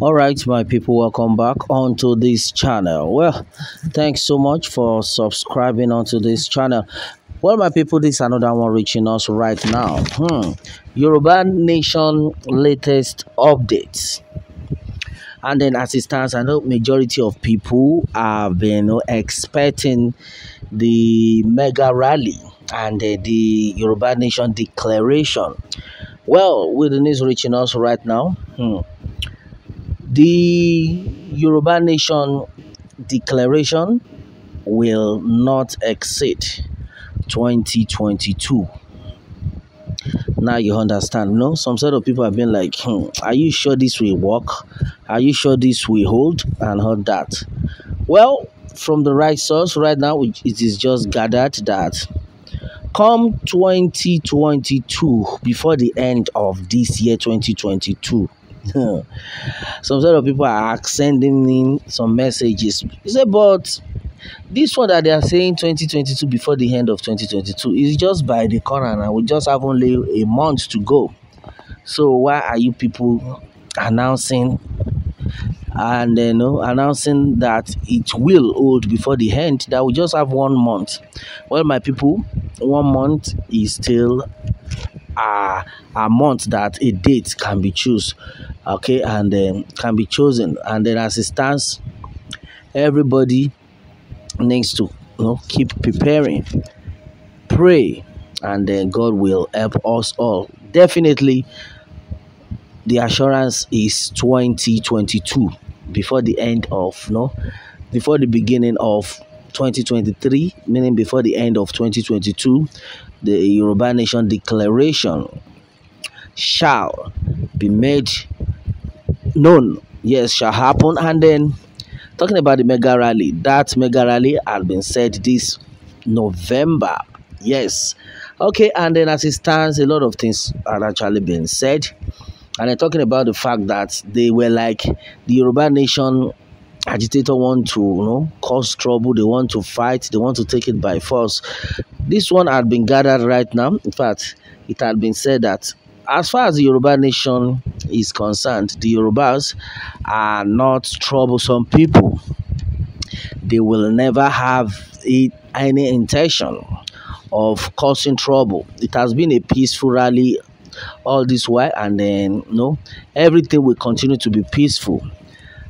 all right my people welcome back onto this channel well thanks so much for subscribing onto this channel well my people this is another one reaching us right now hmm. yoruba nation latest updates and then as it stands i know majority of people have been expecting the mega rally and uh, the yoruba nation declaration well with the news reaching us right now hmm the Yoruba Nation declaration will not exceed 2022. Now you understand, no? Some sort of people have been like, hmm, are you sure this will work? Are you sure this will hold? And all that. Well, from the right source right now, it is just gathered that come 2022, before the end of this year 2022, some sort of people are sending in some messages. You say, but this one that they are saying 2022 before the end of 2022 is just by the corner and we just have only a month to go. So why are you people announcing and you know announcing that it will hold before the end that we just have one month well my people one month is still a, a month that a date can be choose okay and um, can be chosen and then as it stands everybody needs to you know, keep preparing pray and then god will help us all definitely the assurance is 2022 before the end of no before the beginning of 2023 meaning before the end of 2022 the Yoruba Nation Declaration shall be made known. Yes, shall happen. And then talking about the mega rally, that mega rally has been said this November. Yes. Okay, and then as it stands, a lot of things are actually being said. And I'm talking about the fact that they were like the Yoruba Nation agitator want to you know cause trouble they want to fight they want to take it by force this one had been gathered right now in fact it had been said that as far as the Yoruba nation is concerned, the Yorubas are not troublesome people. They will never have any intention of causing trouble. It has been a peaceful rally all this while, and then you no, know, everything will continue to be peaceful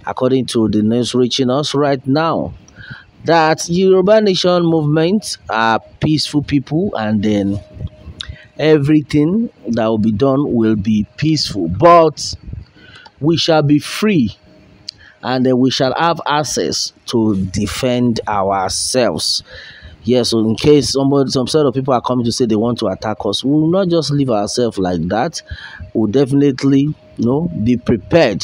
according to the news reaching us right now that Yoruba Nation movement are peaceful people and then everything that will be done will be peaceful. But we shall be free and then we shall have access to defend ourselves. Yes, so in case somebody, some sort of people are coming to say they want to attack us, we will not just leave ourselves like that. We'll definitely you know, be prepared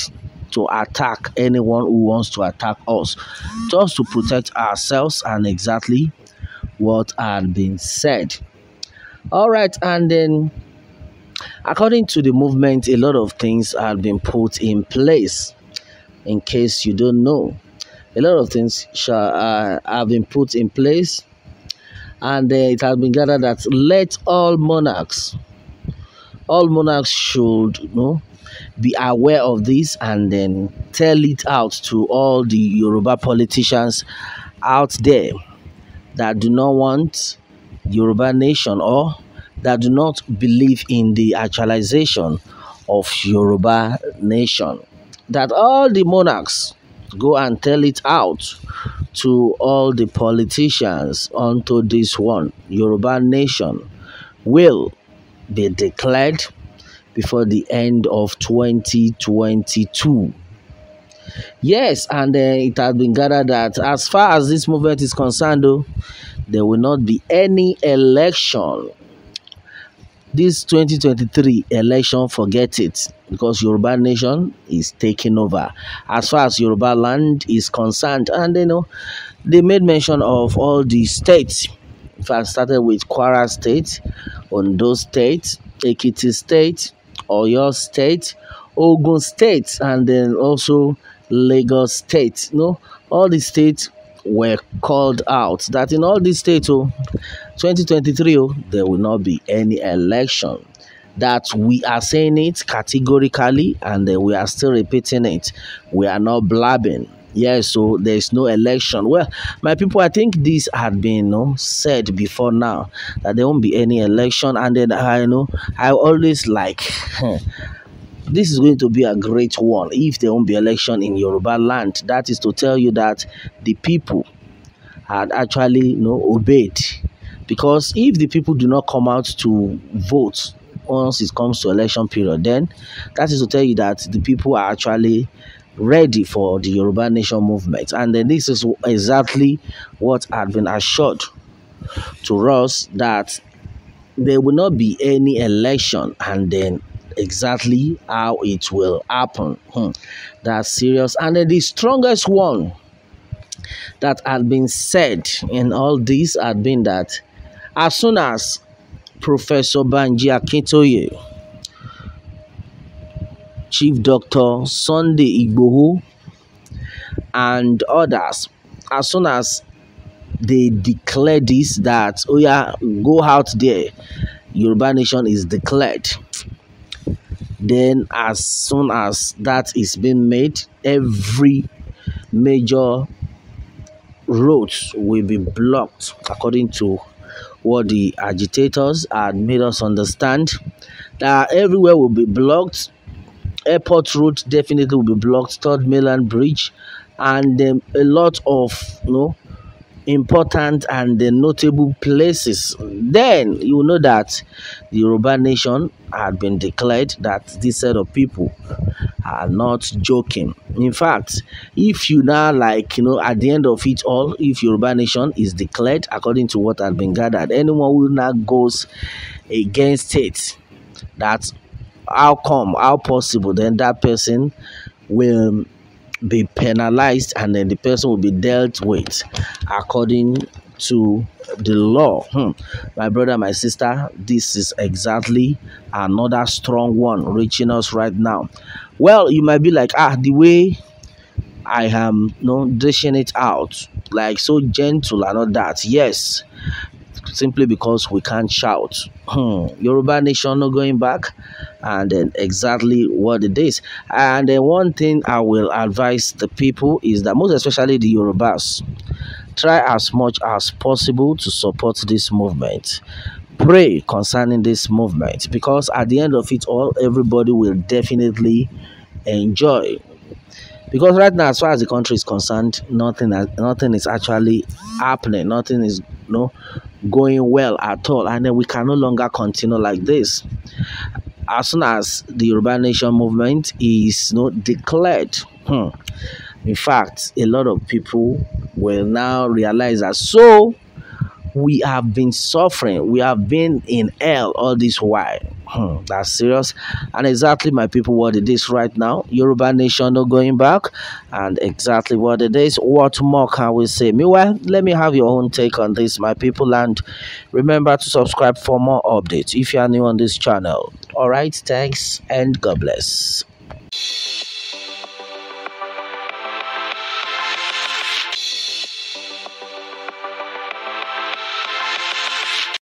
to attack anyone who wants to attack us, just to protect ourselves and exactly what had been said. All right, and then according to the movement, a lot of things have been put in place. In case you don't know, a lot of things shall, uh, have been put in place, and uh, it has been gathered that let all monarchs all monarchs should you know, be aware of this and then tell it out to all the Yoruba politicians out there that do not want Yoruba nation or that do not believe in the actualization of Yoruba nation. That all the monarchs go and tell it out to all the politicians unto this one Yoruba nation will be declared before the end of 2022. Yes, and uh, it has been gathered that as far as this movement is concerned, though, there will not be any election. This 2023 election, forget it, because Yoruba nation is taking over. As far as Yoruba land is concerned, and you know, they made mention of all the states I started with Kwara State, Ondo State, Ekiti State, Oyo State, Ogun State, and then also Lagos State. You no, know, all the states were called out that in all these states, oh, 2023, oh, there will not be any election. That we are saying it categorically and we are still repeating it. We are not blabbing. Yes, so there is no election. Well, my people, I think this had been you know, said before now that there won't be any election, and then I you know I always like. Hmm, this is going to be a great one if there won't be election in Yoruba land. That is to tell you that the people had actually you know, obeyed. Because if the people do not come out to vote once it comes to election period, then that is to tell you that the people are actually ready for the Yoruba Nation movement. And then this is exactly what had been assured to us that there will not be any election and then exactly how it will happen. Hmm. That's serious. And then the strongest one that had been said in all this had been that as soon as Professor Banji Akintoye Chief Dr. Sunday Igboho, and others, as soon as they declare this, that, oh yeah, go out there, Yoruba Nation is declared. Then, as soon as that is being made, every major roads will be blocked according to what the agitators had made us understand that everywhere will be blocked airport route definitely will be blocked, third mainland bridge, and um, a lot of you know important and uh, notable places. Then you know that the Yoruba nation had been declared that this set of people are not joking. In fact, if you now like, you know, at the end of it all, if Yoruba nation is declared according to what had been gathered, anyone who now goes against it, that how come how possible then that person will be penalized and then the person will be dealt with according to the law hmm. my brother my sister this is exactly another strong one reaching us right now well you might be like ah the way i am you no know, dishing it out like so gentle and all that yes simply because we can't shout. Hmm. Yoruba nation not going back, and then exactly what it is. And then one thing I will advise the people is that most especially the Yorubas, try as much as possible to support this movement pray concerning this movement because at the end of it all everybody will definitely enjoy because right now as far as the country is concerned nothing nothing is actually happening nothing is you no know, going well at all and then we can no longer continue like this as soon as the urban nation movement is you not know, declared hmm, in fact a lot of people will now realize that so we have been suffering we have been in hell all this while Hmm, that's serious. And exactly my people what it is right now. Yoruba nation no going back. And exactly what it is. What more can we say? Meanwhile, let me have your own take on this, my people. And remember to subscribe for more updates if you are new on this channel. Alright, thanks and God bless.